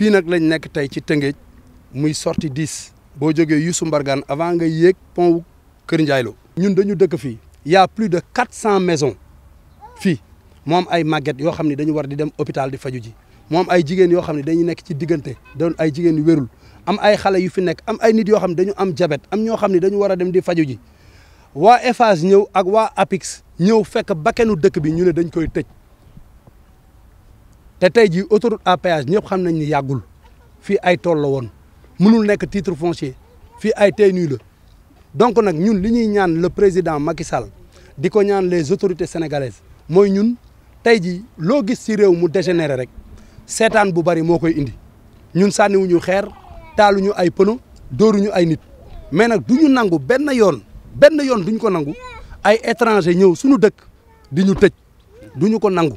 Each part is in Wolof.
fii nag lañ nekk tey ci Tëngéej muy sorti 10 boo jógee yusu mbargan avant nga yëg pont wu Kër Ndiaye ñun dañu dëkk fii y plus de 400 maisons fii moo am ay màgget yoo xam ne dañu war di dem hôpital di faju ji moo ay jigéen yoo xam ne dañu nekk ci diggante doon ay jigéen yu wérul am ay xale yu fi nekk am ay nit yoo xam ne dañu am jabet am ñoo xam ne dañu war a dem di faju ji waa Eiffage ñëw ak waa Apix ñëw fekk bakkenu dëkk bi ñu ne dañ koy tëj te tey jii autor à péage ñëpp xam nañ ni yàggul fii ay tool la woon mënul nekk titre foncier fii ay tey nuy la donc nag ñun li ñuy ñaan le président Macky Sall di ko ñaan les autorités sénégalaises mooy ñun tey jii loo gis ci réew mu dégénéré rek seetaan bu bari moo koy indi ñun sànniwuñu xeer taaluñu ay pëno dóoruñu ay nit mais nag du ñu nangu benn yoon benn yoon duñ ko nangu ay étranger ñëw suñu dëkk di tëj du ñu ko nangu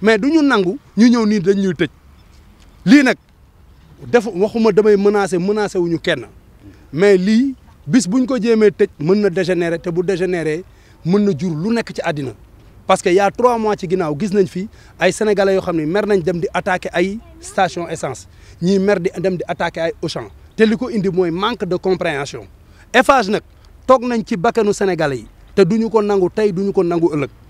mais du ñu nangu ñu ñëw nii dañ ñuy tëj lii nag def waxuma damay menacer wu ñu kenn mais lii bis buñ ko jéemee tëj mën na dégénérer te bu dégénérer mën na jur lu nekk ci àddina parce que yaa a trois mois ci ginnaaw gis nañ fi ay sénégalais yoo xam ne mer nañ dem di attaquer ay station essence ñii mer di dem di attaquer ay Auchan te li ko indi mooy manque de compréhension Eiffage nag toog nañ ci bakkanu sénégalais yi te duñu ko nangu tey duñu ko nangu ëllëg